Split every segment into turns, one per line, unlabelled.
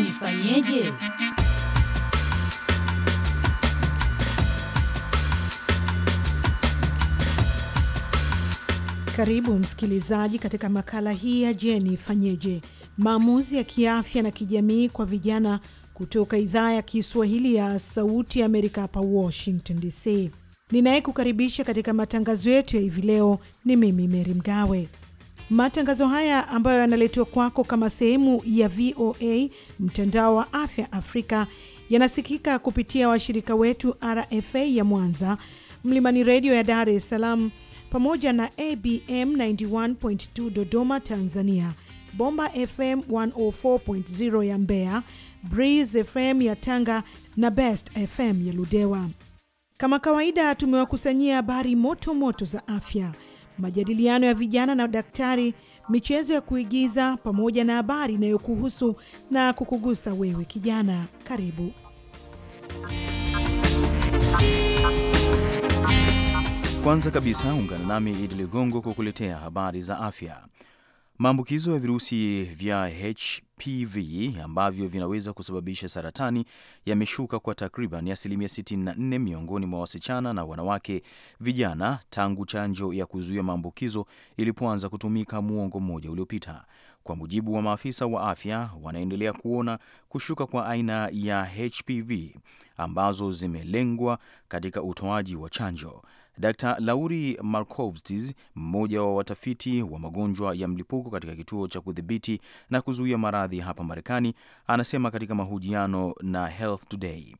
nifanyeje?
Karibu msikilizaji katika makala hii ya Je, nifanyeje, maamuzi ya kiafya na kijamii kwa vijana kutoka idhaa ya Kiswahili ya Sauti ya Amerika hapa Washington DC. Ninayekukaribisha katika matangazo yetu ya hivi leo ni mimi Meri Mgawe. Matangazo haya ambayo yanaletwa kwako kama sehemu ya VOA mtandao wa afya Afrika yanasikika kupitia washirika wetu RFA ya Mwanza, Mlimani redio ya Dar es Salaam, pamoja na ABM 91.2 Dodoma Tanzania, Bomba FM 104.0 ya Mbeya, Breeze FM ya Tanga na Best FM ya Ludewa. Kama kawaida, tumewakusanyia habari moto moto za afya majadiliano ya vijana na daktari, michezo ya kuigiza pamoja na habari inayokuhusu na kukugusa wewe kijana. Karibu.
Kwanza kabisa ungana nami Idi Ligongo kukuletea habari za afya. Maambukizo ya virusi vya HPV ambavyo vinaweza kusababisha saratani yameshuka kwa takriban asilimia 64 miongoni mwa wasichana na wanawake vijana tangu chanjo ya kuzuia maambukizo ilipoanza kutumika muongo mmoja uliopita. Kwa mujibu wa maafisa wa afya, wanaendelea kuona kushuka kwa aina ya HPV ambazo zimelengwa katika utoaji wa chanjo. Dr Lauri Markovstis, mmoja wa watafiti wa magonjwa ya mlipuko katika kituo cha kudhibiti na kuzuia maradhi hapa Marekani, anasema katika mahojiano na Health Today,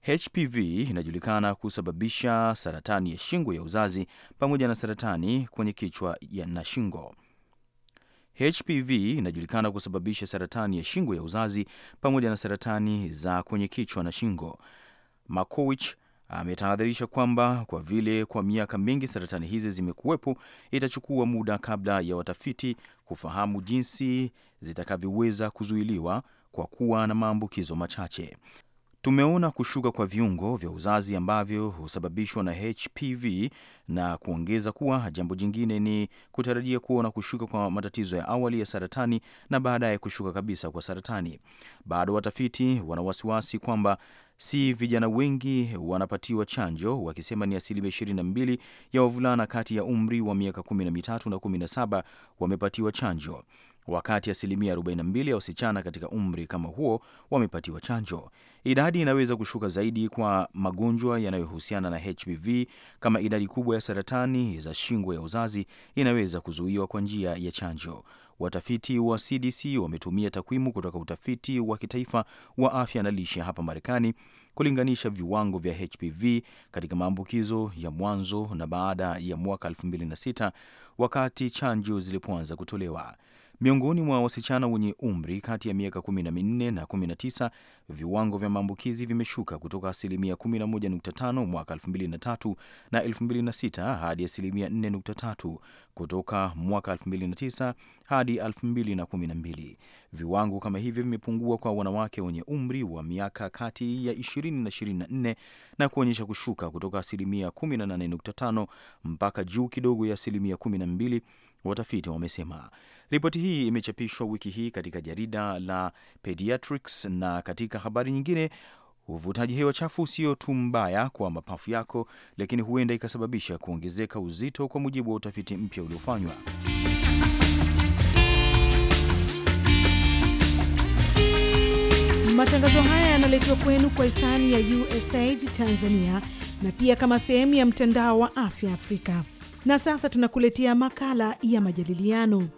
HPV inajulikana kusababisha saratani ya shingo ya uzazi pamoja na saratani kwenye kichwa na shingo. HPV inajulikana kusababisha saratani ya shingo ya uzazi pamoja na saratani za kwenye kichwa na shingo. Makowich ametahadharisha kwamba kwa vile kwa miaka mingi saratani hizi zimekuwepo, itachukua muda kabla ya watafiti kufahamu jinsi zitakavyoweza kuzuiliwa kwa kuwa na maambukizo machache. Tumeona kushuka kwa viungo vya uzazi ambavyo husababishwa na HPV na kuongeza kuwa jambo jingine ni kutarajia kuona kushuka kwa matatizo ya awali ya saratani na baadaye kushuka kabisa kwa saratani. Bado watafiti wana wasiwasi kwamba si vijana wengi wanapatiwa chanjo, wakisema ni asilimia 22 ya wavulana kati ya umri wa miaka 13 na 17 wamepatiwa chanjo, wakati asilimia 42 ya wasichana katika umri kama huo wamepatiwa chanjo. Idadi inaweza kushuka zaidi kwa magonjwa yanayohusiana na HPV kama idadi kubwa ya saratani za shingo ya uzazi inaweza kuzuiwa kwa njia ya chanjo. Watafiti wa CDC wametumia takwimu kutoka utafiti wa kitaifa wa afya na lishe hapa Marekani kulinganisha viwango vya HPV katika maambukizo ya mwanzo na baada ya mwaka 2006 wakati chanjo zilipoanza kutolewa. Miongoni mwa wasichana wenye umri kati ya miaka 14 na 19, viwango vya maambukizi vimeshuka kutoka asilimia 11.5 mwaka 2003 na 2006 hadi asilimia 4.3 kutoka mwaka 2009 hadi 2012. Viwango kama hivyo vimepungua kwa wanawake wenye umri wa miaka kati ya 20 na 24 na kuonyesha kushuka kutoka asilimia 18.5 mpaka juu kidogo ya asilimia 12 watafiti wamesema. Ripoti hii imechapishwa wiki hii katika jarida la Pediatrics. Na katika habari nyingine, uvutaji hewa chafu sio tu mbaya kwa mapafu yako, lakini huenda ikasababisha kuongezeka uzito, kwa mujibu wa utafiti mpya uliofanywa.
Matangazo haya yanaletwa kwenu kwa hisani ya USAID Tanzania na pia kama sehemu ya mtandao wa afya Afrika. Na sasa tunakuletea makala ya majadiliano.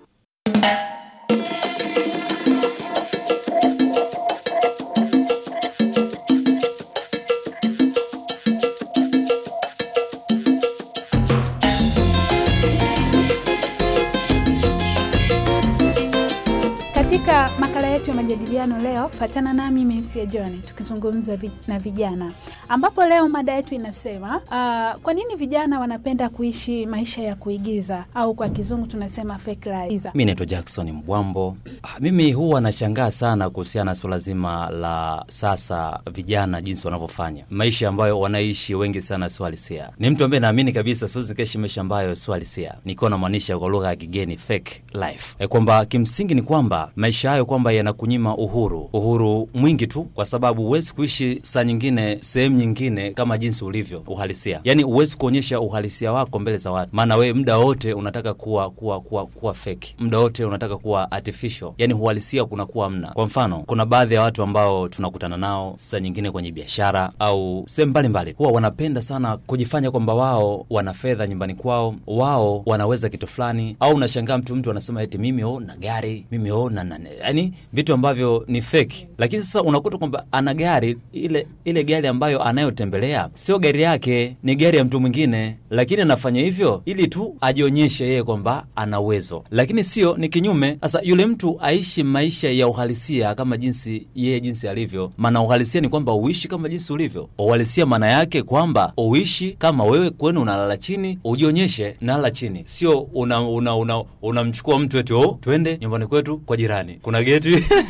majadiliano leo, fatana nami Mensia John tukizungumza vi, na vijana ambapo leo mada yetu inasema uh, kwa nini vijana wanapenda kuishi maisha ya kuigiza au kwa kizungu tunasema fake life.
Mimi naitwa Jackson Mbwambo. Ah, mimi huwa nashangaa sana kuhusiana na suala zima la sasa vijana, jinsi wanavyofanya maisha ambayo wanaishi wengi sana swalisia. Ni mtu ambaye naamini kabisa siwezi kaishi maisha ambayo swalisia, nikiwa namaanisha kwa lugha ya kigeni fake life, e, kwamba kimsingi ni kwamba maisha hayo kwamba yanaku kunyima uhuru, uhuru mwingi tu, kwa sababu huwezi kuishi saa nyingine sehemu nyingine kama jinsi ulivyo uhalisia, yani huwezi kuonyesha uhalisia wako mbele za watu, maana wewe muda wote unataka kuwa kuwa kuwa kuwa feki, muda wote unataka kuwa artificial, yani uhalisia kuna kuwa mna. Kwa mfano, kuna baadhi ya watu ambao tunakutana nao saa nyingine kwenye biashara au sehemu mbalimbali, huwa wanapenda sana kujifanya kwamba wao wana fedha nyumbani kwao, wao wanaweza kitu fulani, au unashangaa mtu mtu anasema eti mimi o na gari, mimi o na nane, yani vitu ambavyo ni feki. Lakini sasa unakuta kwamba ana gari ile, ile gari ambayo anayotembelea sio gari yake, ni gari ya mtu mwingine, lakini anafanya hivyo ili tu ajionyeshe yeye kwamba ana uwezo, lakini sio, ni kinyume. Sasa yule mtu aishi maisha ya uhalisia kama jinsi yeye jinsi alivyo, maana uhalisia ni kwamba uishi kama jinsi ulivyo. Uhalisia maana yake kwamba uishi kama wewe, kwenu unalala chini, ujionyeshe nalala chini, sio unamchukua una, una, una mtu wetu oh, twende nyumbani kwetu kwa jirani kuna geti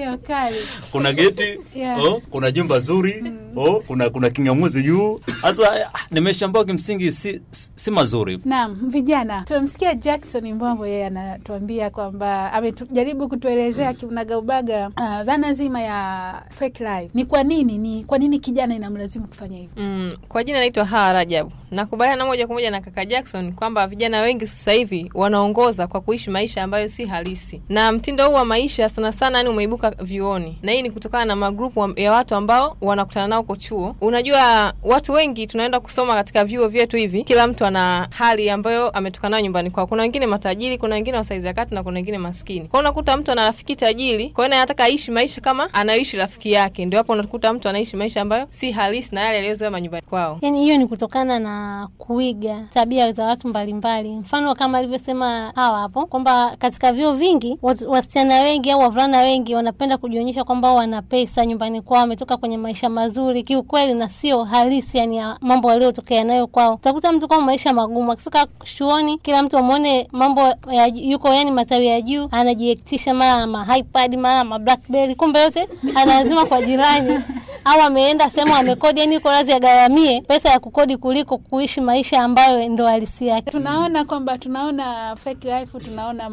hiyo kali. Kuna geti yeah. Oh, kuna jumba zuri mm. Oh, kuna kuna kingamuzi juu. Sasa ah, nimeshamboa kimsingi si, si mazuri.
Naam, vijana tunamsikia Jackson Mbwambo, yeye anatuambia kwamba amejaribu kutuelezea kiunagaubaga uh, dhana zima ya fake life ni kwa nini, ni kwa nini kijana inamlazimu kufanya hivyo
mm. Kwa jina naitwa Hawa Rajabu, nakubaliana moja kwa moja na kaka Jackson kwamba vijana wengi sasa hivi wanaongoza kwa kuishi maisha ambayo si halisi, na mtindo huu wa maisha sana sana, yani umeibuka vioni vyuoni, na hii ni kutokana na magrupu ya watu ambao wanakutana nao ko chuo. Unajua, watu wengi tunaenda kusoma katika vyuo vyetu hivi, kila mtu ana hali ambayo ametoka nayo nyumbani kwao. Kuna wengine matajiri, kuna wengine wasaizi ya kati na kuna wengine maskini. Kwao unakuta mtu ana rafiki tajiri, kwao anataka aishi maisha kama anayoishi rafiki yake, ndio hapo unakuta mtu anaishi maisha ambayo si halisi na yale aliyozoea manyumbani kwao.
Yani hiyo ni kutokana na kuiga tabia za watu mbalimbali, mfano kama alivyosema hawa hapo kwamba katika vyuo vingi wasichana wengi au wavulana wengi wana wanapenda kujionyesha kwamba wana pesa nyumbani kwao, wametoka kwenye maisha mazuri kiukweli, na sio halisi, yani ya mambo yaliyotokea nayo kwao. Utakuta mtu kwa maisha magumu, akifika chuoni kila mtu amwone mambo ya yuko yani matawi ya juu, anajiektisha mara ma iPad mara ma BlackBerry, kumbe yote analazima kwa jirani au ameenda sehemu amekodi, yani yuko razi agharamie pesa ya kukodi kuliko kuishi maisha ambayo ndo halisi yake. Tunaona
kwamba tunaona fake life, tunaona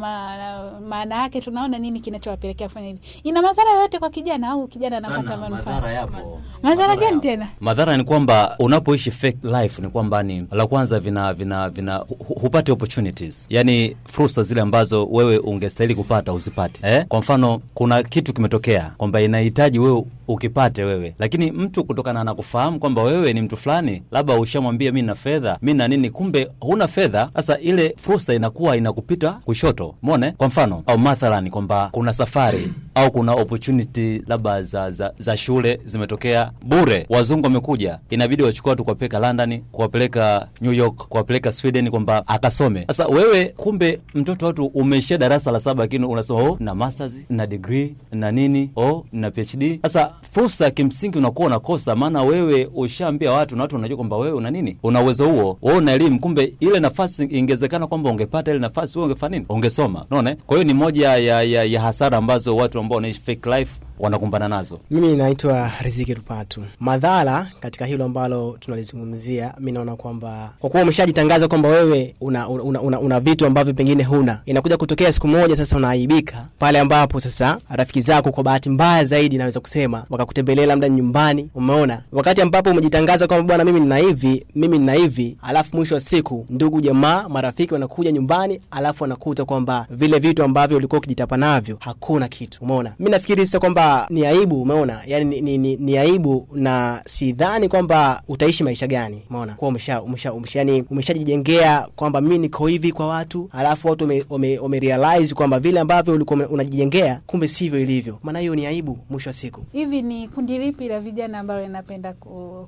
maana yake, tunaona nini kinachowapelekea kufanya hivi kuna madhara yoyote kwa kijana au kijana anapata manufaa? Madhara yapo. Madhara gani tena?
Madhara ni kwamba unapoishi fake life ni kwamba ni la kwanza, vina vina vina hupati opportunities, yani fursa zile ambazo wewe ungestahili kupata usipate. Eh? Kwa mfano kuna kitu kimetokea kwamba inahitaji wewe ukipate wewe, lakini mtu kutokana na kufahamu kwamba wewe ni mtu fulani, labda ushamwambia mimi na fedha mimi na nini, kumbe huna fedha. Sasa ile fursa inakuwa inakupita kushoto, mwone kwa mfano au mathalani kwamba kuna safari au kuna kuna opportunity labda za, za, za shule zimetokea bure, wazungu wamekuja, inabidi wachukua watu kuwapeleka London, kuwapeleka New York, kuwapeleka Sweden kwamba akasome. Sasa wewe kumbe mtoto watu umeshia darasa la saba, lakini unasema oh, na masters na degree na nini oh, na PhD. Sasa fursa kimsingi unakuwa unakosa, maana wewe ushaambia watu na watu wanajua kwamba wewe una nini, una uwezo huo, wewe una elimu. Kumbe ile nafasi ingewezekana kwamba ungepata ile nafasi, wewe ungefanya nini? Ungesoma. Unaona, kwa hiyo ni moja ya, ya, ya hasara ambazo watu ambao his fake life wanakumbana nazo.
Mimi naitwa Riziki Rupatu. Madhara katika hilo ambalo tunalizungumzia, mi naona kwamba kwa kuwa umeshajitangaza kwamba wewe una, una, una, una vitu ambavyo pengine huna, inakuja kutokea siku moja sasa unaaibika pale ambapo sasa rafiki zako kwa bahati mbaya zaidi naweza kusema wakakutembelea labda nyumbani, umeona, wakati ambapo umejitangaza kwamba bwana, mimi nina hivi, mimi nina hivi, alafu mwisho wa siku ndugu jamaa marafiki wanakuja nyumbani, alafu wanakuta kwamba vile vitu ambavyo ulikuwa ukijitapa navyo hakuna kitu, umeona. Mi nafikiri sasa kwamba ni aibu, umeona yani ni, ni, ni, ni aibu, na sidhani kwamba utaishi maisha gani, umeona kwa umesha umesha umesha yani umeshajijengea kwamba mimi niko hivi kwa watu, alafu watu wame kwamba vile ambavyo ulikuwa unajijengea kumbe sivyo ilivyo, maana hiyo ni aibu mwisho wa siku.
Hivi ni kundi lipi la vijana ambalo linapenda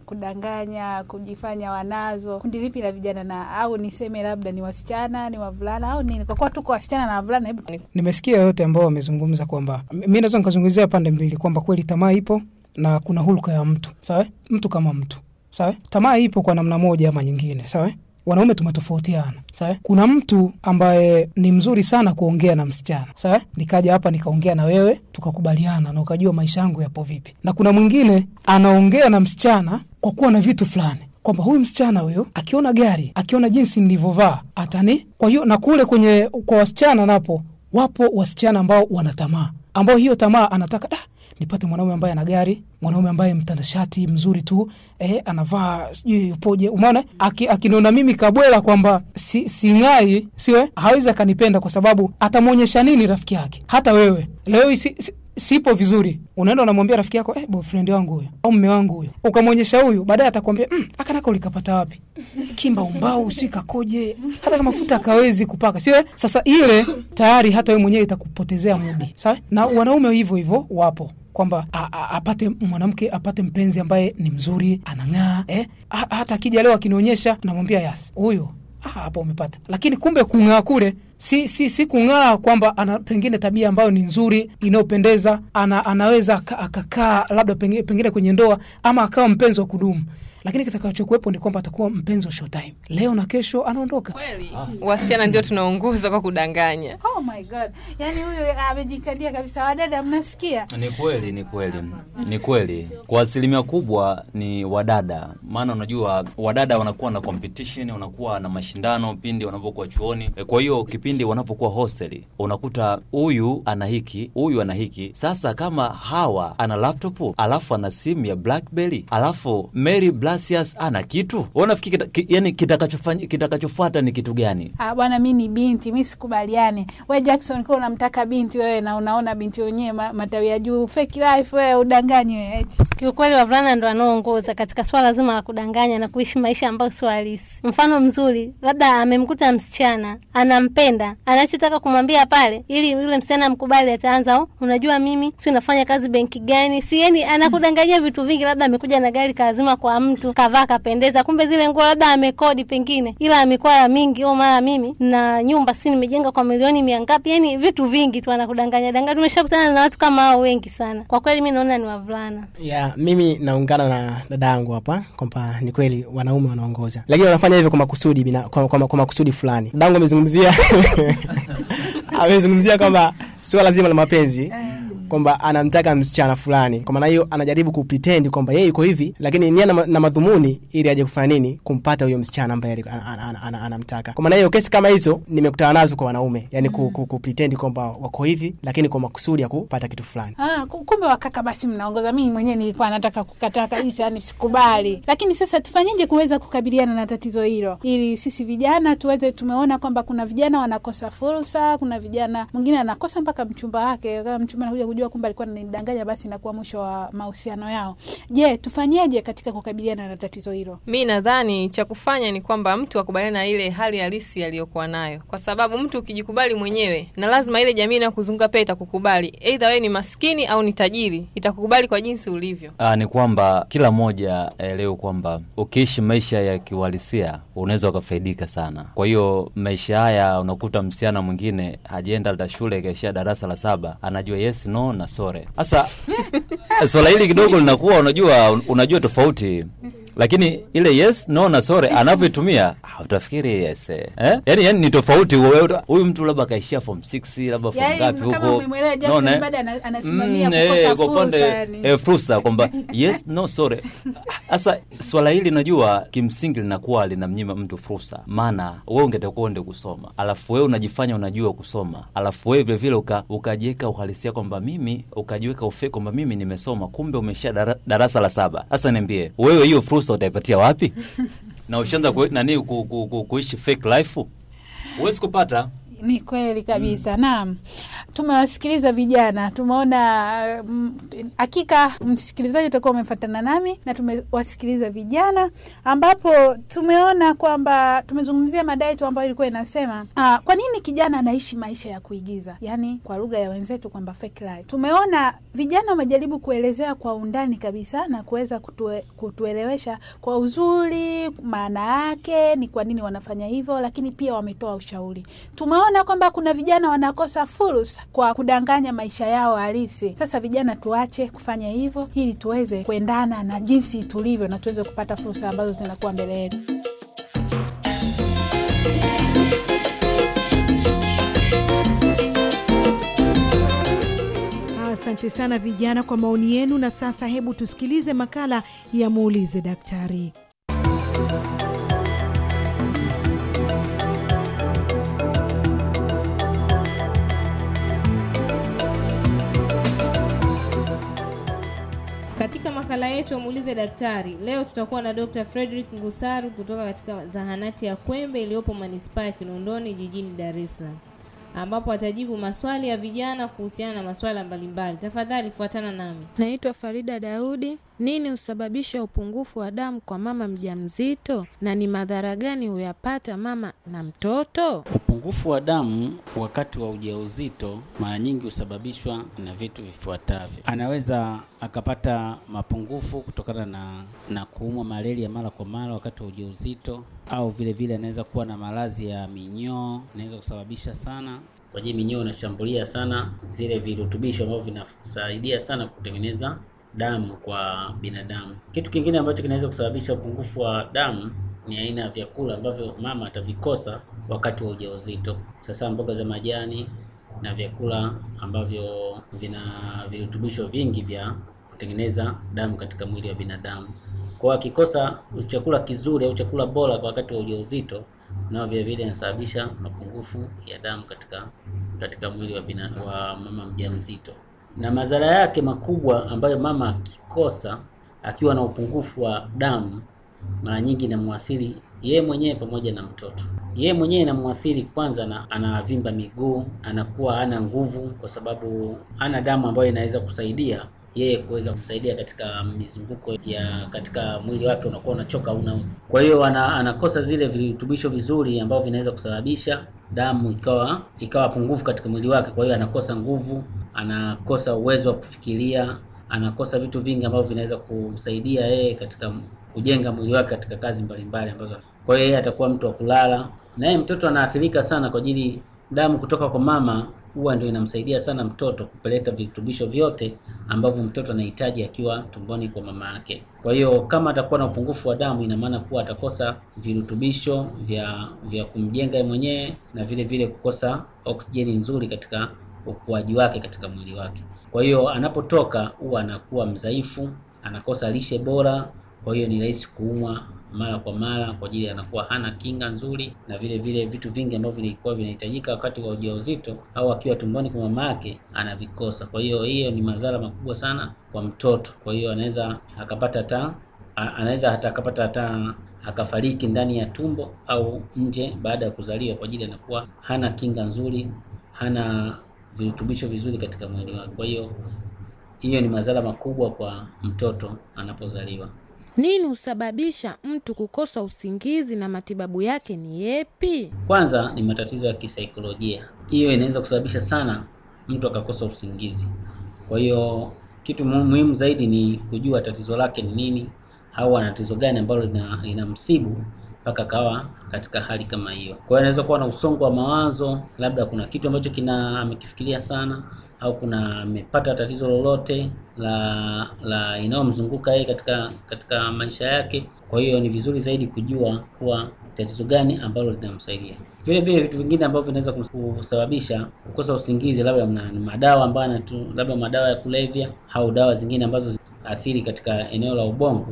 kudanganya, kujifanya wanazo? Kundi lipi la vijana na au niseme labda ni wasichana, ni wavulana au nini? Kwa kuwa tuko wasichana na wavulana, hebu
nimesikia yote ambao wamezungumza kwamba mi naweza nikazungumzia pande pande mbili kwamba kweli tamaa ipo na kuna hulka ya mtu sawa mtu kama mtu sawa tamaa ipo kwa namna moja ama nyingine sawa wanaume tumetofautiana sawa kuna mtu ambaye ni mzuri sana kuongea na msichana sawa nikaja hapa nikaongea na wewe tukakubaliana na ukajua maisha yangu yapo vipi na kuna mwingine anaongea na msichana kwa kuwa na vitu fulani kwamba huyu msichana huyu akiona gari akiona jinsi nilivyovaa atani kwa hiyo na kule kwenye kwa wasichana napo wapo wasichana ambao wana tamaa ambao hiyo tamaa anataka da, nipate mwanaume ambaye ana gari, mwanaume ambaye mtanashati mzuri tu eh, anavaa sijui yupoje, umeona Aki, akiniona mimi kabwela kwamba si, sing'ai siwe eh? hawezi akanipenda, kwa sababu atamwonyesha nini rafiki yake? Hata wewe leo si, si, sipo vizuri, unaenda unamwambia rafiki yako eh, boyfriend wangu huyo au mme wangu huyo, ukamwonyesha huyu, baadaye atakwambia mm, akanaka ulikapata wapi? Kimba umbao si kakoje, hata kama futa akawezi kupaka sio. Eh? Sasa ile tayari hata wewe mwenyewe itakupotezea mudi, sawa? Na wanaume hivyo hivyo wapo kwamba apate mwanamke apate mpenzi ambaye ni mzuri anang'aa, eh? hata akija leo akinionyesha namwambia yas, huyo Ah, hapo umepata lakini kumbe kung'aa kule si si si kung'aa kwamba ana pengine tabia ambayo ni nzuri inayopendeza ana, anaweza akakaa labda pengine, pengine kwenye ndoa ama akawa mpenzi wa kudumu lakini kitakachokuwepo ni kwamba atakuwa mpenzi wa Showtime leo na kesho anaondoka.
Kweli
ah. Wasichana ndio tunaongoza kwa kudanganya.
Oh my god, yani huyo amejikadia kabisa. Wadada mnasikia?
Ni kweli, ni kweli, ni kweli, kwa asilimia kubwa ni wadada, maana unajua wadada wanakuwa na competition, wanakuwa na mashindano pindi wanapokuwa chuoni. Eh, kwa hiyo kipindi wanapokuwa hosteli, unakuta huyu ana hiki, huyu ana hiki. Sasa kama hawa ana laptop alafu ana simu ya BlackBerry alafu Mary Black Iglesias ana kitu? Unafikiri kita, ki, yani kitakachofanya kitakachofuata ni kitu gani?
Ah bwana, mimi ni binti, mimi sikubaliani. Wewe Jackson, kwa unamtaka binti wewe na unaona binti wenyewe ma, matawi ya juu, fake life wewe, udanganyi wewe. Kiukweli wavulana ndo wanaoongoza katika swala zima la kudanganya na kuishi maisha
ambayo sio halisi. Mfano mzuri, labda amemkuta msichana anampenda, anachotaka kumwambia pale ili yule msichana amkubali, ataanza oh, unajua, mimi si nafanya kazi benki gani, si yani, anakudanganyia vitu vingi, labda amekuja na gari kazima kwa mtu mtu kavaa kapendeza, kumbe zile nguo labda amekodi pengine, ila amekwara mingi au oh, mara mimi na nyumba si nimejenga kwa milioni mia ngapi? Yani vitu vingi tu anakudanganya danganya. Tumeshakutana na watu kama hao wengi sana kwa kweli, mi naona ni wavulana.
Yeah, mimi naungana na dada yangu hapa kwamba ni kweli wanaume wanaongoza, lakini wanafanya hivyo kwa makusudi bina, kwa, kwa, kwa makusudi fulani. Dadangu amezungumzia amezungumzia kwamba suala zima la mapenzi eh kwamba anamtaka msichana fulani, kwa maana hiyo anajaribu kupretend kwamba yeye yuko hivi, lakini nia na, na madhumuni ili aje kufanya nini? Kumpata huyo msichana ambaye anamtaka. Kwa maana hiyo kesi kama hizo nimekutana nazo kwa wanaume, yani mm. ku, kwamba wako hivi, lakini kwa makusudi ya kupata kitu fulani.
Ah, kumbe wakaka basi mnaongoza. Mimi mwenyewe nilikuwa nataka kukataa kabisa, yani sikubali. Lakini sasa tufanyeje kuweza kukabiliana na tatizo hilo, ili sisi vijana tuweze, tumeona kwamba kuna vijana wanakosa fursa, kuna vijana mwingine anakosa mpaka mchumba wake, kama mchumba anakuja kujua kwamba alikuwa ananidanganya, basi inakuwa mwisho wa mahusiano yao. Je, tufanyeje katika kukabiliana na tatizo hilo?
Mi nadhani cha kufanya ni kwamba mtu akubaliana na ile hali halisi aliyokuwa nayo, kwa sababu mtu ukijikubali mwenyewe, na lazima ile jamii inayokuzunguka pia itakukubali, aidha wewe ni maskini au ni tajiri, itakukubali kwa jinsi ulivyo.
Aa, ah, ni kwamba kila mmoja aelewe kwamba ukiishi maisha ya kiuhalisia unaweza ukafaidika sana. Kwa hiyo maisha haya unakuta msichana mwingine hajaenda hata shule, kaishia darasa la saba, anajua yes no na sore. hasa eh, swala hili kidogo linakuwa unajua, unajua tofauti lakini ile yes no na sore anavyoitumia utafikiri yes eh? eh? Yani, yani ni tofauti. Huyu mtu labda akaishia form 6 labda form yaani, ngapi huko, naona eh?
mm, eh, kwa upande
fursa kwamba yes no sore. Sasa swala hili najua kimsingi linakuwa linamnyima mtu fursa, maana we ungetakuwa uende kusoma, alafu wewe unajifanya unajua kusoma, alafu wewe vilevile vile uka, ukajiweka uhalisia kwamba mimi ukajiweka ufe kwamba mimi nimesoma, kumbe umeshia darasa la saba. Sasa niambie wewe hiyo fursa pesa utaipatia wapi? na ushaanza ku, nani ku, ku, ku, kuishi fake life, huwezi kupata.
Ni kweli kabisa. Mm. Naam, tumewasikiliza vijana, tumeona mm, hakika. Msikilizaji utakuwa umefatana nami na tumewasikiliza vijana, ambapo tumeona kwamba tumezungumzia mada yetu ambayo ilikuwa inasema uh, kwa nini kijana anaishi maisha ya kuigiza, yani kwa lugha ya wenzetu kwamba fake life. Tumeona vijana wamejaribu kuelezea kwa undani kabisa na kuweza kutue, kutuelewesha kwa uzuri maana yake ni kwa nini wanafanya hivyo, lakini pia wametoa ushauri. Tumeona kwamba kuna vijana wanakosa fursa sasa kwa kudanganya maisha yao halisi. Sasa vijana, tuache kufanya hivyo ili tuweze kuendana na jinsi tulivyo na tuweze kupata fursa ambazo zinakuwa mbele yetu.
Asante sana vijana kwa maoni yenu. Na sasa hebu tusikilize makala ya muulize daktari.
Muulize Daktari. Leo tutakuwa na Dr. Frederick Ngusaru kutoka katika zahanati ya Kwembe iliyopo manispaa ya Kinondoni jijini Dar es Salaam ambapo atajibu maswali ya vijana kuhusiana na maswala mbalimbali. Tafadhali fuatana nami. Naitwa
Farida Daudi. Nini husababisha upungufu wa damu kwa mama mjamzito na ni madhara gani huyapata mama na
mtoto? Upungufu wa damu wakati wa ujauzito mara nyingi husababishwa na vitu vifuatavyo. Anaweza akapata mapungufu kutokana na, na kuumwa malaria mara kwa mara wakati wa ujauzito au vile vile anaweza kuwa na maradhi ya minyoo, inaweza kusababisha sana kwa jii minyoo inashambulia sana zile virutubisho ambavyo vinasaidia sana kutengeneza damu kwa binadamu. Kitu kingine ambacho kinaweza kusababisha upungufu wa damu ni aina ya vyakula ambavyo mama atavikosa wakati wa ujauzito. Sasa mboga za majani na vyakula ambavyo vina virutubisho vingi vya kutengeneza damu katika mwili wa binadamu. Kwa akikosa chakula kizuri au chakula bora kwa wakati wa ujauzito, nao vile vile inasababisha mapungufu ya damu katika katika mwili wa, bina, wa mama mjamzito. Na madhara yake makubwa ambayo mama akikosa akiwa na upungufu wa damu, mara nyingi inamwathiri yeye mwenyewe pamoja na mtoto. Yeye mwenyewe inamwathiri kwanza, na anavimba miguu, anakuwa hana nguvu, kwa sababu hana damu ambayo inaweza kusaidia yeye kuweza kumsaidia katika mizunguko ya katika mwili wake unakuwa unachoka una. Kwa hiyo ana, anakosa zile virutubisho vizuri ambavyo vinaweza kusababisha damu ikawa ikawa pungufu katika mwili wake. Kwa hiyo anakosa nguvu, anakosa uwezo wa kufikiria, anakosa vitu vingi ambavyo vinaweza kumsaidia yeye katika kujenga mwili wake katika kazi mbalimbali ambazo. Kwa hiyo yeye atakuwa mtu wa kulala, na yeye mtoto anaathirika sana kwa ajili damu kutoka kwa mama huwa ndio inamsaidia sana mtoto kupeleka virutubisho vyote ambavyo mtoto anahitaji akiwa tumboni kwa mama yake. Kwa hiyo kama atakuwa na upungufu wa damu, ina maana kuwa atakosa virutubisho vya vya kumjenga mwenyewe na vile vile kukosa oksijeni nzuri katika ukuaji wake katika mwili wake. Kwa hiyo anapotoka huwa anakuwa mdhaifu, anakosa lishe bora kwa hiyo ni rahisi kuumwa mara kwa mara kwa ajili anakuwa hana kinga nzuri, na vile vile vitu vingi ambavyo vilikuwa vinahitajika wakati wa ujauzito au akiwa tumboni kwa mama yake anavikosa. Kwa hiyo hiyo ni madhara makubwa sana kwa mtoto. Kwa hiyo anaweza akapata hata anaweza hata akapata hata akafariki ndani ya tumbo au nje baada ya kuzaliwa, kwa ajili anakuwa hana kinga nzuri, hana virutubisho vizuri katika mwili wake. Kwa hiyo hiyo ni madhara makubwa kwa mtoto anapozaliwa.
Nini husababisha mtu kukosa usingizi na matibabu yake ni yepi?
Kwanza ni matatizo ya kisaikolojia, hiyo inaweza kusababisha sana mtu akakosa usingizi. Kwa hiyo kitu muhimu zaidi ni kujua tatizo lake ni nini, au ana tatizo gani ambalo linamsibu mpaka akawa katika hali kama hiyo. Kwa hiyo anaweza kuwa na usongo wa mawazo, labda kuna kitu ambacho kina amekifikiria sana au kuna amepata tatizo lolote la la inayomzunguka yeye katika katika maisha yake. Kwa hiyo ni vizuri zaidi kujua kuwa tatizo gani ambalo linamsaidia. Vile vile vitu vingine ambavyo vinaweza kusababisha kukosa usingizi, labda na madawa ambayo anatu labda madawa ya kulevya au dawa zingine ambazo athiri katika eneo la ubongo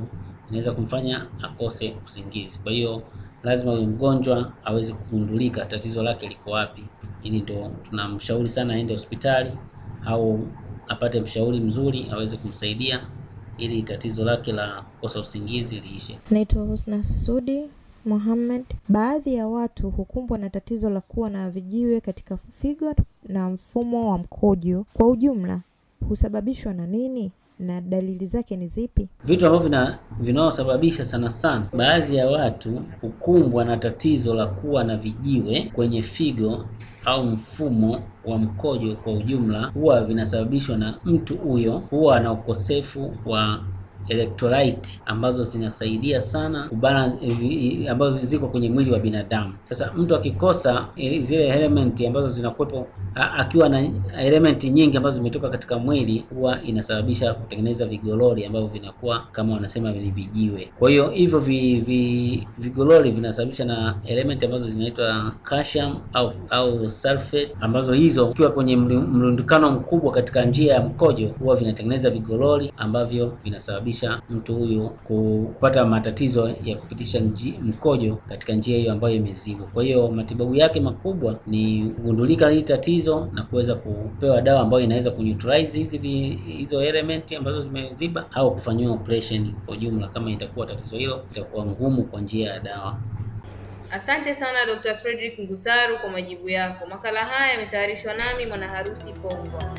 inaweza kumfanya akose usingizi. Kwa hiyo lazima huyo mgonjwa aweze kugundulika tatizo lake liko wapi, ili ndio tunamshauri sana aende hospitali au apate mshauri mzuri aweze kumsaidia ili tatizo lake la kukosa usingizi liishe.
Naitwa Husna Sudi Muhammad. Baadhi ya watu hukumbwa na tatizo la kuwa na vijiwe katika figo na mfumo wa mkojo kwa ujumla husababishwa na nini? na dalili zake ni zipi?
Vitu ambavyo vinaosababisha sana sana baadhi ya watu hukumbwa na tatizo la kuwa na vijiwe kwenye figo au mfumo wa mkojo kwa ujumla, huwa vinasababishwa na mtu huyo huwa na ukosefu wa electrolyte ambazo zinasaidia sana kubalance, eh, eh, ambazo ziko kwenye mwili wa binadamu. Sasa mtu akikosa eh, zile elementi ambazo zinakuwepo, akiwa na elementi nyingi ambazo zimetoka katika mwili, huwa inasababisha kutengeneza vigololi ambavyo vinakuwa kama wanasema ni vijiwe. Kwa hiyo hivyo vi, vi, vigololi vinasababisha na elementi ambazo zinaitwa calcium au au sulfate, ambazo hizo ukiwa kwenye mrundikano mkubwa katika njia ya mkojo, huwa vinatengeneza vigololi ambavyo vinasababisha kusababisha mtu huyu kupata matatizo ya kupitisha nji, mkojo katika njia hiyo ambayo imezibwa. Kwa hiyo matibabu yake makubwa ni kugundulika hili tatizo na kuweza kupewa dawa ambayo inaweza kuneutralize hizi hizo elementi ambazo zimeziba au kufanyiwa operation kwa jumla, kama itakuwa tatizo hilo itakuwa ngumu kwa njia ya dawa.
Asante sana Dr. Frederick Ngusaru kwa majibu yako. Makala haya yametayarishwa nami mwanaharusi Pongwa.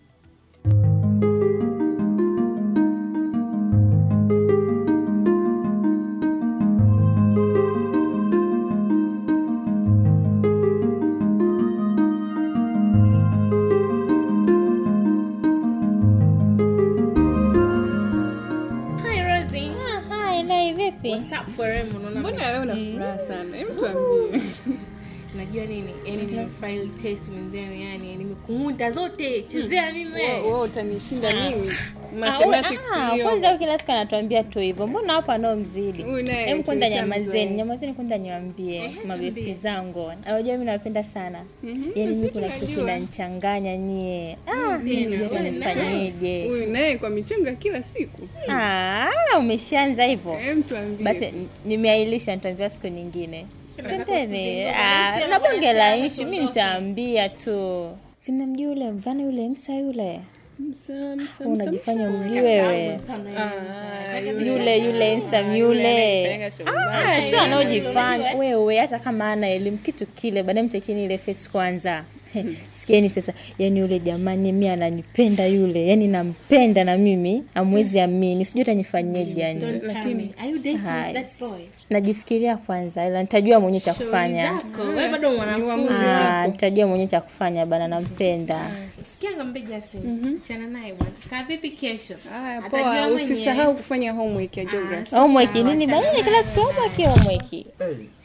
zote chezea hmm. mimi wewe utanishinda ah. mimi ah, ah, kwanza
kila siku anatuambia tu hivyo mbona hapo anao mzidi hebu kwenda nyamazeni nyamazeni kwenda niwambie eh, mabesti zangu awajua mi nawapenda sana mhm. yani mi kuna kitu kinanchanganya nyie mm, nifanyeje naye kwa michango ya kila siku ah, umeshaanza hivyo basi nimeailisha nitaambia siku nyingine twendeni na bonge la nchi mi nitaambia tu sinamjua yule mvana yule msa yule unajifanya mji wewe
yule yule nsam ah, yule sio anaojifanya
wewe hata kama ana elimu kitu kile baadaye mtekini ile face kwanza sikieni sasa, yani yule jamani, mi ananipenda yule, yani nampenda na mimi, amwezi amini, sijui atanifanyeje yani. Najifikiria kwanza, ila nitajua mwenye cha kufanya, ah, ah, nitajua mwenye cha kufanya bana, nampenda ah,
mhm. Usisahau kufanya homework ya Homework nini Kila
siku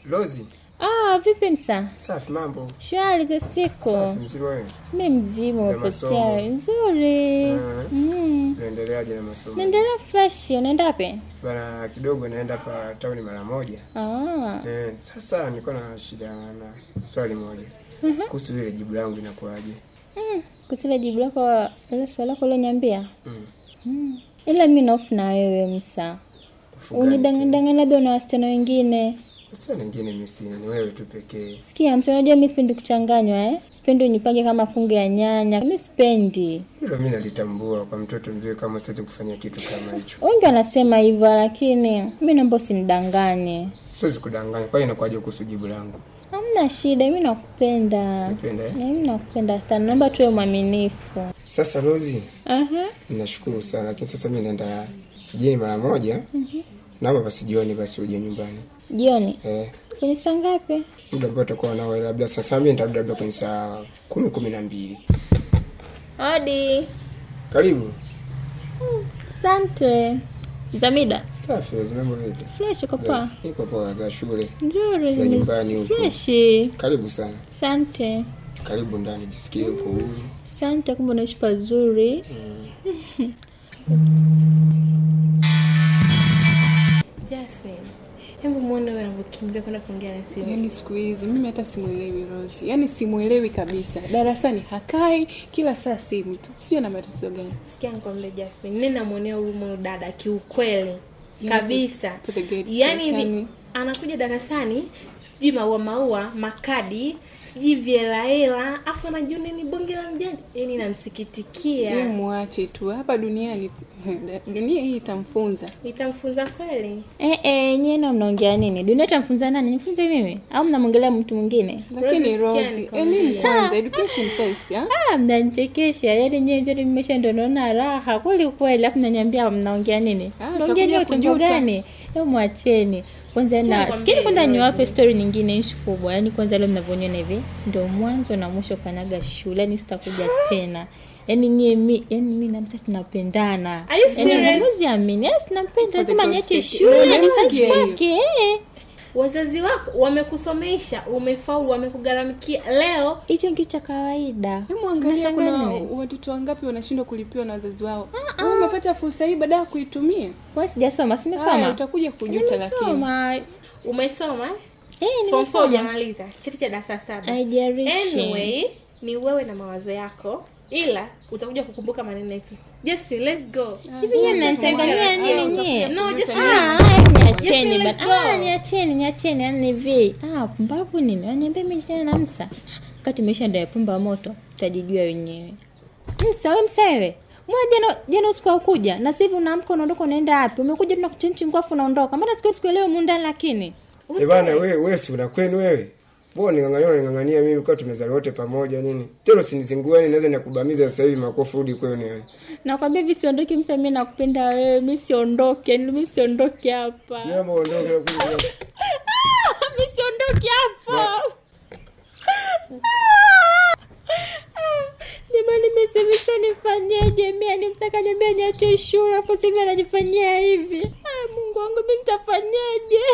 Lozi.
Ah, vipi msa?
Safi mambo.
Shwari za siku.
Safi
mzuri wewe.
Mimi mzima upotea. Nzuri. Eh, mm. Unaendeleaje na masomo? Naendelea fresh. Unaenda wapi?
Bana kidogo naenda pa town mara moja. Ah. Eh, sasa niko na shida na swali moja. Mhm. Uh Kuhusu ile jibu langu inakuwaje?
Mm. Kuhusu ile jibu lako, ile swali lako ulioniambia? Mm. Mm. Ila mimi na hofu na wewe msa. Unidanganya labda na wasichana wengine.
Sio nyingine mimi sina, ni wewe tu pekee.
Sikia, mtu unajua mimi sipendi kuchanganywa eh? Sipendi unipange kama fungu ya nyanya. Mimi sipendi. Hilo mimi
nalitambua kwa mtoto mzee kama siwezi kufanya kitu kama hicho.
Wengi wanasema hivyo lakini mimi naomba usinidanganye.
Siwezi kudanganya. Kwa hiyo inakuwaje kuhusu jibu langu?
Hamna shida, mimi nakupenda. Napenda. Eh? Mimi nakupenda sana. Naomba tuwe mwaminifu.
Sasa Rozi. Aha. Uh -huh. Ninashukuru sana lakini sasa mimi naenda jijini mara moja. Mhm. Uh -huh. Naomba basi jioni basi uje nyumbani jioni eh.
kwenye saa ngapi?
muda ambao utakuwa nao, labda saa saba nitarudi, labda kwenye saa kumi kumi na mbili.
Hodi, karibu. Asante. Mm, Zamida. Safi,
mambo vipi? Fresh uko poa? Niko eh, poa, za shule.
Nzuri. nyumbani huko. Fresh. Karibu sana. Asante.
Karibu ndani, jisikie uko huru.
Asante, kumbe unaishi pazuri. Mm.
Jasmine. Hebu muone wewe unavyokimbia kwenda kuongea na simu. Yaani siku hizi mimi hata simuelewi Rozi, yaani simuelewi kabisa. Darasani hakai, kila saa simu tu, sio na matatizo gani? Sikia nikwambie Jasmine, mimi namwonea huyu dada kiukweli yaani, kabisa, yaani hivi anakuja darasani, sijui maua maua, makadi sijui vyelaela, afu anajua nini bonge la mjani yani namsikitikia, muache tu hapa duniani dunia hii itamfunza, itamfunza kweli.
Eh, eh, nyie na mnaongea nini? Dunia itamfunza nani? Nifunze mimi au mnamwongelea mtu mwingine? Lakini Rozi, elimu eh, kwanza, education first. ya ah, mnanichekesha yaani. Nyie mmesha ndo naona raha kweli kweli, alafu nanyambia mnaongea nini? Ah, mnaongea nini? Utumburani eu, mwacheni kwanza na sikini kwanza, niwape story nyingine nshi kubwa. Yaani kwanza leo mnavyoniona hivi, ndio mwanzo na mwisho kanaga shule, yaani sitakuja tena yani nyie mi yani mi na msa tunapendana hawezi yaani amini yes nampenda lazima nyete shule yaani
eh. wazazi wako wamekusomesha umefaulu wamekugaramikia leo hicho ndio cha kawaida mwangalia kuna watoto wangapi wanashindwa kulipiwa na wazazi wao uh-uh. umepata fursa hii baada ya
kuitumia wewe sijasoma simesoma utakuja kujuta lakini
umesoma eh cheti cha darasa saba anyway ni wewe na mawazo yako ila utakuja kukumbuka maneno yetu Jaspi, let's go.
Niacheni, niacheni, yani hivi ah, pumbavu nini? Waniambia mimi tena na Msa wakati imeisha ndio pumba moto, tutajijua wenyewe. Msa we msewe mwa jana jana usiku haukuja, na sivi unaamka unaondoka, unaenda wapi? Umekuja tuna kuchinchi nguafu unaondoka, mbona siku sikuelewi mundani, lakini
ebana eh, wewe wewe si una kwenu wewe Mbona ning'ang'ania unaning'ang'ania mimi kwa tumezaliwa wote pamoja nini? Tena usinizingue yani naweza nikubamiza sasa hivi makofu rudi kwenu yani.
Nakwambia hivi siondoke msa mimi nakupenda wewe, mimi siondoke, mimi siondoke hapa.
Naomba uondoke kwanza.
Mimi siondoke hapa. Jamani, mesemisa nifanyeje? Mimi alimtaka niambia niache shule, hapo sasa anajifanyia hivi. Ah, Mungu wangu mimi nitafanyaje?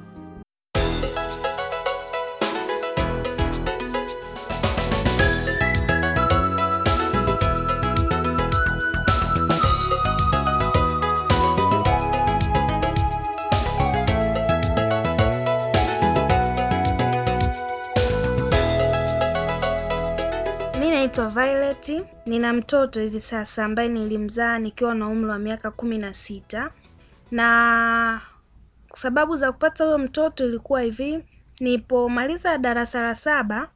kati nina mtoto hivi sasa ambaye nilimzaa nikiwa na umri wa miaka kumi na sita na sababu za kupata huyo mtoto ilikuwa hivi nipomaliza darasa la saba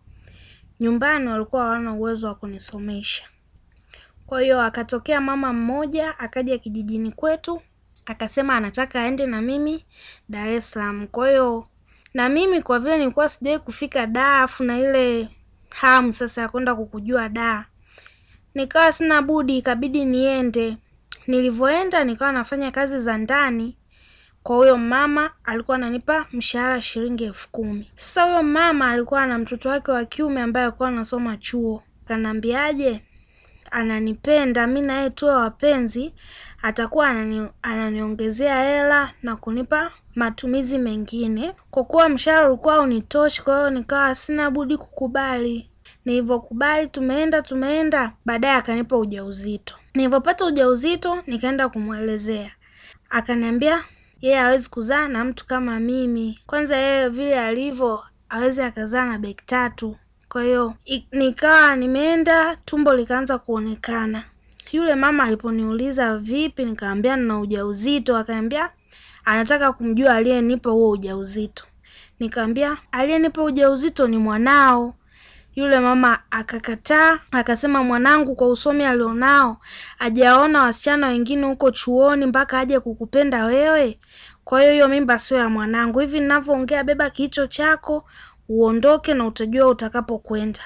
nyumbani walikuwa hawana uwezo wa kunisomesha kwa hiyo akatokea mama mmoja akaja kijijini kwetu akasema anataka aende na mimi Dar es Salaam. Kwa hiyo na mimi kwa vile nilikuwa sijawahi kufika Dar, afu na ile hamu sasa ya kwenda kukujua Dar, nikawa sina budi ikabidi niende nilivyoenda nikawa nafanya kazi za ndani kwa huyo mama alikuwa ananipa mshahara shilingi elfu kumi sasa huyo mama alikuwa na mtoto wake wa kiume ambaye alikuwa anasoma chuo kanaambiaje ananipenda mi naye tuwe wapenzi atakuwa anani, ananiongezea hela na kunipa matumizi mengine kwa kuwa mshahara ulikuwa unitoshi kwa hiyo nikawa sina budi kukubali Nilivyokubali tumeenda tumeenda, baadaye akanipa ujauzito. Nilivyopata ujauzito nikaenda kumwelezea, akaniambia yeye hawezi kuzaa na mtu kama mimi, kwanza yeye vile alivyo awezi akazaa na beki tatu. Kwa hiyo nikawa nimeenda, tumbo likaanza kuonekana. Yule mama aliponiuliza vipi, nikaambia nina ujauzito, akaniambia anataka kumjua aliyenipa huo ujauzito. Nikaambia aliyenipa ujauzito ni mwanao. Yule mama akakataa, akasema mwanangu, kwa usomi alionao ajaona wasichana wengine huko chuoni mpaka aje kukupenda wewe. Kwa hiyo hiyo mimba sio ya mwanangu. Hivi ninavyoongea, beba kicho chako uondoke, na utajua utakapokwenda.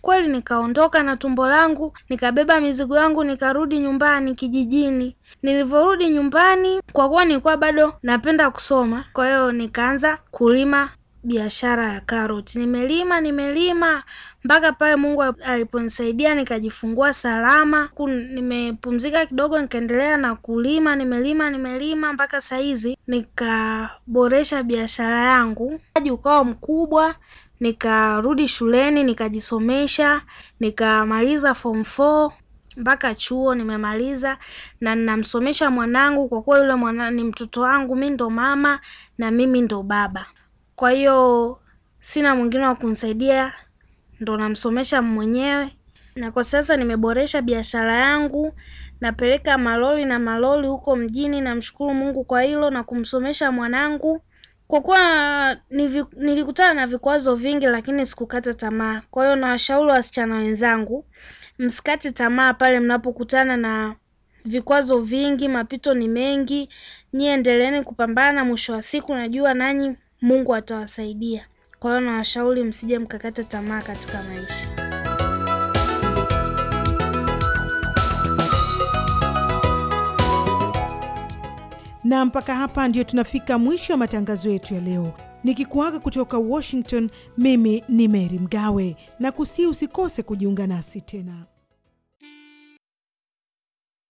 Kweli nikaondoka na tumbo langu, nikabeba mizigo yangu, nikarudi nyumbani kijijini. Nilivyorudi nyumbani, kwa kuwa nilikuwa bado napenda kusoma, kwa hiyo nikaanza kulima biashara ya karoti. Nimelima nimelima mpaka pale Mungu aliponisaidia nikajifungua salama. Nimepumzika kidogo, nikaendelea na kulima, nimelima nimelima mpaka sahizi nikaboresha biashara yangu, aji ukawa mkubwa. Nikarudi shuleni nikajisomesha, nikamaliza form four mpaka chuo nimemaliza, na ninamsomesha mwanangu kwa kuwa yule mwana ni mtoto wangu. Mi ndo mama na mimi ndo baba. Kwa hiyo sina mwingine wa kunisaidia, ndo namsomesha mwenyewe. Na kwa sasa nimeboresha biashara yangu, napeleka maloli na maloli huko mjini. Namshukuru Mungu kwa hilo na kumsomesha mwanangu. Kwa kuwa nilikutana na vikwazo vingi, lakini sikukata tamaa. Kwa hiyo nawashauri wasichana wenzangu, msikate tamaa pale mnapokutana na vikwazo vingi, mapito ni mengi. Nyie endeleeni kupambana, mwisho wa siku najua nanyi Mungu atawasaidia. Kwa hiyo nawashauri msije mkakata tamaa katika maisha.
Na mpaka hapa ndio tunafika mwisho wa matangazo yetu ya leo, nikikuaga kutoka Washington. Mimi ni mery Mgawe na kusii, usikose kujiunga nasi tena.